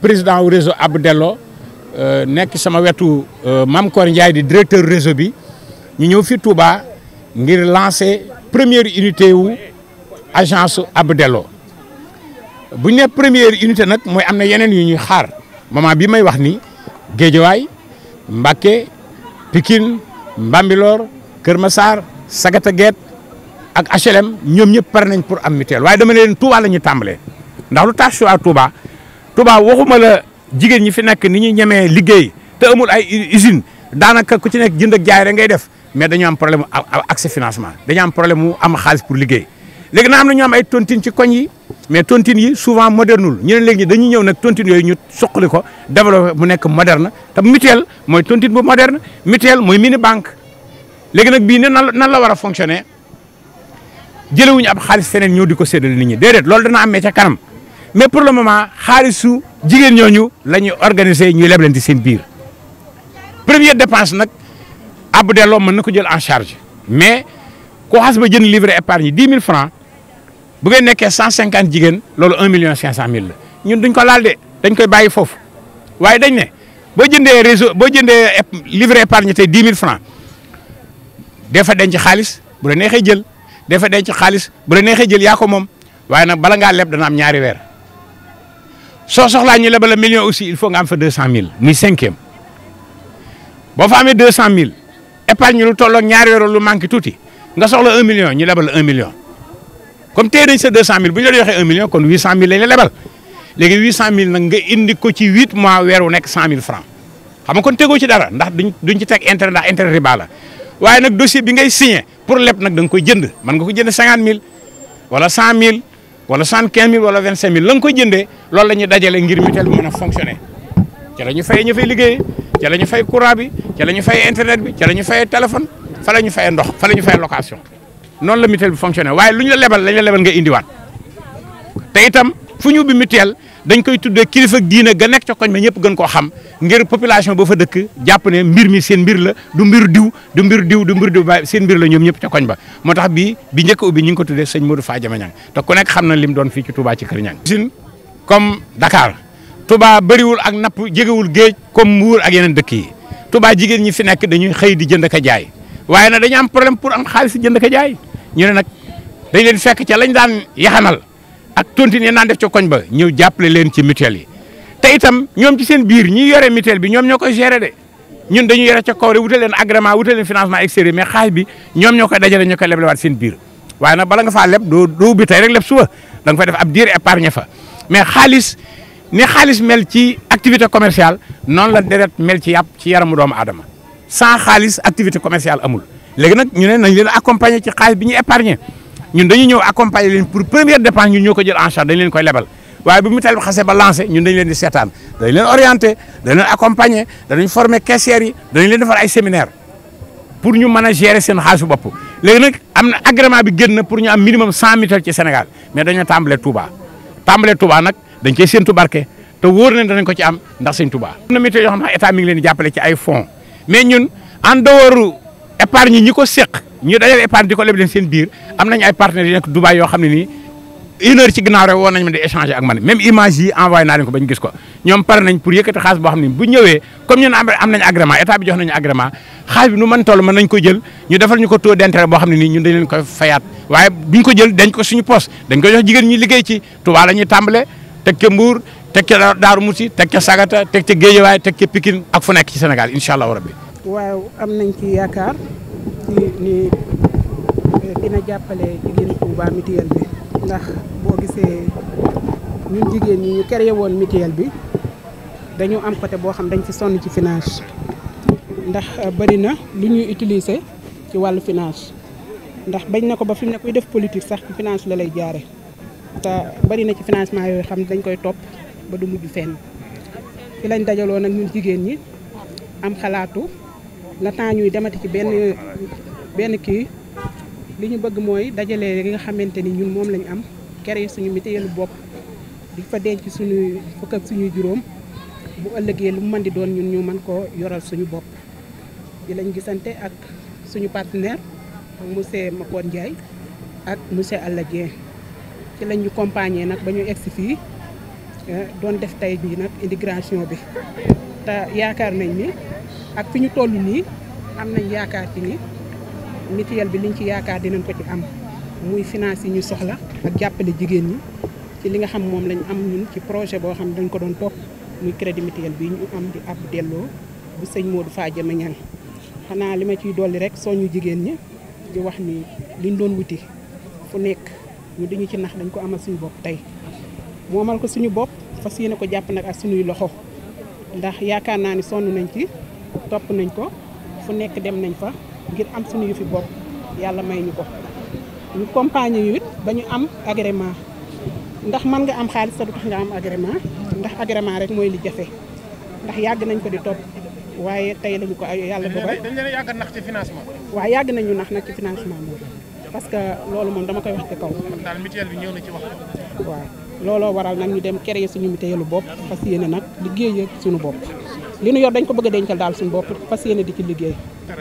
président wu réseau Abdou Dello euh, nekk sama wetu euh, Mame Kor Ndiaye di directeur réseau bi ñu ñëw fi Touba ngir lancer première unité wu agence Abdou Dello bu ñu ne unité nag mooy am na yeneen yu ñuy xaar moment bi may wax ni Géejawaay Mbacké Pikine Mbambilor Kër Massar Sagata Guet ak HLM ñoom ñëpp pare nañ pour am mutuelle waaye dama ne leen Touba la ñu tàmbalee ndax lu tax choix Touba Touba waxuma la jigéen ñi fi nekk ni ñuy ñemee liggéey te amul ay usine daanaka ku ci nekk jënd ak jaay rek ngay def mais dañu am problème accès financement dañu am problème mu am xaalis pour liggéey léegi na am na am ay tontine ci koñ yi mais tontin yi souvent modernul ñu ne léegi dañuy ñëw nag tontine yooyu ñu suqali ko développé mu nekk moderne te mutuelle mooy tontine bu moderne mutuelle mooy mini banque léegi nag bii ne nan la war a fonctionner jëlewuñu ab xaalis feneen ñëw di ko séddale nit ñi déedéet loolu dana amee ca kanam mais pour le moment su jigéen ñoo ñu la ñu ñuy organiser ñuy leblante seen biir premier dépense nag Abdou Dello mën na ko jël en charge mais ko xas ba jënd livret épargne dix mille francs bu ngeen nekkee cent cinquante jigéen loolu un million cinq cent mille la ñun duñ ko laal de dañ koy bàyyi foofu waaye dañ ne boo jëndee réseau boo jëndee livret épargne tey dix mille francs des fa denc xaalis bu la neexee jël des fa denc xaalis bu la neexee jël yaa ko moom waaye nag bala ngaa leb dana am ñaari weer. soo soxlaa ñu lebal la million aussi il faut nga am fa deux cent mille muy cinquième boo fa amee deux cent mille épargne lu tolloog ñaari euro lu manqué tuuti nga soxla un million ñu lebal la un million comme téye nañ sa deux bu ñu la joxee un million kon huit cent mille lañ la lebal léegi huit cent mille nga indi ko ci huit mois weer wu nekk cent mille franc xam nga kon tegoo ci dara ndax duñ duñ ci teg intérêt ndax intérêt riba la waaye nag dossier bi ngay signé pour leb nag da nga koy jënd mën nga ko jënd cinquante mill wala cent mille wala cent quinze mille wala vingt cinq mille la nga koy jëndee loolu la ñuy dajale ngir mutuelle bi mën a fonctionner ca la ñu fay ñu liggéey ca la ñu fay courant bi ca la ñu internet bi ca la ñu fay téléphone fa la ñu fay ndox fa la ñu fay location noonu la mutuelle bi fonctionner waaye luñ la lebal la ñu la lebal nga indiwaat te fu ñu ubbi mutuelle dañ koy tuddee kilifa diine ga nekk ca koñ ma ñëpp gën koo xam ngir population ba fa dëkk jàpp ne mbir mi seen mbir la du mbir diw du mbir diw du mbir diw ba seen mbir la ñoom ñëpp ca koñ ba moo tax bii bi njëkk ubbi ñu ngi ko tuddee sëñ Modou Fadiama Niang te ku nekk xam na lim doon fii ci Touba ci Kër Niang usine comme Dakar Touba bëriwul ak napp jegewul géej comme Mbuur ak yeneen dëkk yi Touba jigéen ñi fi nekk dañuy xëy di jënd ka jaay waaye nag dañu am problème pour am xaalis jënd ka jaay ñu ne nag dañ leen fekk ca lañ daan yaxanal ak tontine yi naan def ca koñ ba ñëw jàppale leen ci mutuelle yi te itam ñoom ci seen biir ñi yore mutuelle bi ñoom ñoo koy gérer de ñun dañuy yore ca kaw rek wutal leen agrément wutal leen financement extérieur mais xaalis bi ñoom ñoo koy dajale ñoo koy leblewaat seen biir waaye nag bala nga faa leb doo doo ubbi tey rek leb suba da nga fay def ab diir épargne fa mais xaalis ni xaalis mel ci activité commercial noonu la deret mel ci yàpp ci yaramu doomu aadama sans xaalis activité commerciale amul léegi nag ñu ne nañ accompagner ci xaalis bi ñu épargner ñun dañu ñëw accompagner leen pour première dépense ñun ñoo ko jël en charge dañu leen koy lebal waaye bu mu tel xasee ba lancé ñun dañu leen di seetaan dañu leen orienté dañu leen accompagner danañ former caissières yi dañu leen defar ay séminaire pour ñu mën a gérer seen xaalisu bopp léegi nag am na agrément bi génn na pour ñu am minimum cent mutuelles ci Sénégal mais dañoo tàmbalee Touba tàmbalee Touba nag dañ cey séentu barke te wóor nañ ko ci am ndax sëñ tubaa am na mutuelle yoo xam ne état mi ngi leen di jàppale ci ay fon mais ñun en dehors épargne ñi ko séq ñu dajale épargne di ko leble seen biir am nañu ay partenaires yu nekk Dubaay yoo xam ne nii une heure ci ginnaaw rek woon ma di échanger ak man même image envoyé naa leen ko ba ñu gis ko ñoom pare nañ pour yëkkati xaalis boo xam ne bu ñëwee comme ñun am nañ agrément état bi jox nañu agrément xaalis bi nu mën toll nañ ko jël ñu defal ñu ko taux d'intérêt boo xam ne nii ñun dañ leen koy fayaat waaye buñ ko jël dañ ko suñu poste dañ ko jox jigéen ñi liggéey ci Touba la ñuy tàmbale teg ca Mbour teg ca Daaru Musi teg ca Sagata teg ak fu nekk ci Sénégal incha allahu rabbi waaw am nañ ci nii ni eh, dina jàppale jigéen Touba mutuelle bi ndax boo gisee ñun jigéen ñi ñu créé woon mutuelle bi dañu am côté boo xam dañ ci sonn ci finance ndax eh, bari na lu ñuy utiliser ci wàllu finance ndax bañ na ko ba fi mu ne kuy def politique sax ci finance la lay jaare te bari na ci financement yooyu xam dañ koy topp ba du mujj fenn fi lañ dajaloo nag ñun jigéen ñi am xalaatu la temps ñuy demati ci benn benn kii li ñu bëgg mooy dajale li nga xamante ni ñun moom lañu am créer suñu mutuelle bopp di fa denc suñuy fukk ak suñuy juróom bu ëllëgee lu mu mën di doon ñun ñu mën koo yoral suñu bopp di lañ gisante ak suñu partenaire ak monsieur Makone Ndiaye ak monsieur Alla ci lañ ñu compagner nag ba ñu egsi fii eh, doon def tey jii nag intégration bi te yaakaar nañ ni ak fi ñu toll nii am nañ yaakaar ci ni mutuelle bi liñ ci yaakaar dinañ ko ci am muy finance yi ñu soxla ak jàppale jigéen ñi ci li nga xam moom lañ am ñun ci projet boo xam dañ ko doon topp muy crédit mutuel bi ñu am di ab delloo bu sëñ Modou Fadiama Niang xanaa li ma ciy dolli rek soo ñu jigéen ñi di wax ni liñ doon wuti fu nekk ñu diñu ci nax dañ ko amal suñu bopp tey moomal ko suñu bopp fas yéene ko jàpp nag ak suñuy loxo ndax yaakaar naa ni sonn nañ ci topp nañ ko fu nekk dem nañ fa ngir am suñu yëfi bopp yàlla may ñu ko ñu compagnie yu it ba ñu am agrément ndax man nga am xaalis te du tax nga am agrément ndax agrément rek mooy li jafe ndax yàgg nañ ko di topp waaye tey lañu ko ay yàlla dogal dañ leen yàgg nax ci financement waaw yàgg nañu nax nag ci financement moom parce que loolu moom dama koy wax ci kaw daal mutuelle bi ñëw na ci wax waaw looloo waral nag ñu dem créer suñu mutuelle lu bopp fas yéene nag liggéey ak suñu bopp li ñu yor dañ ko bëgg a dencal daal suñu bopp fas yéene di ci liggéey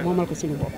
moomal ko suñu bopp.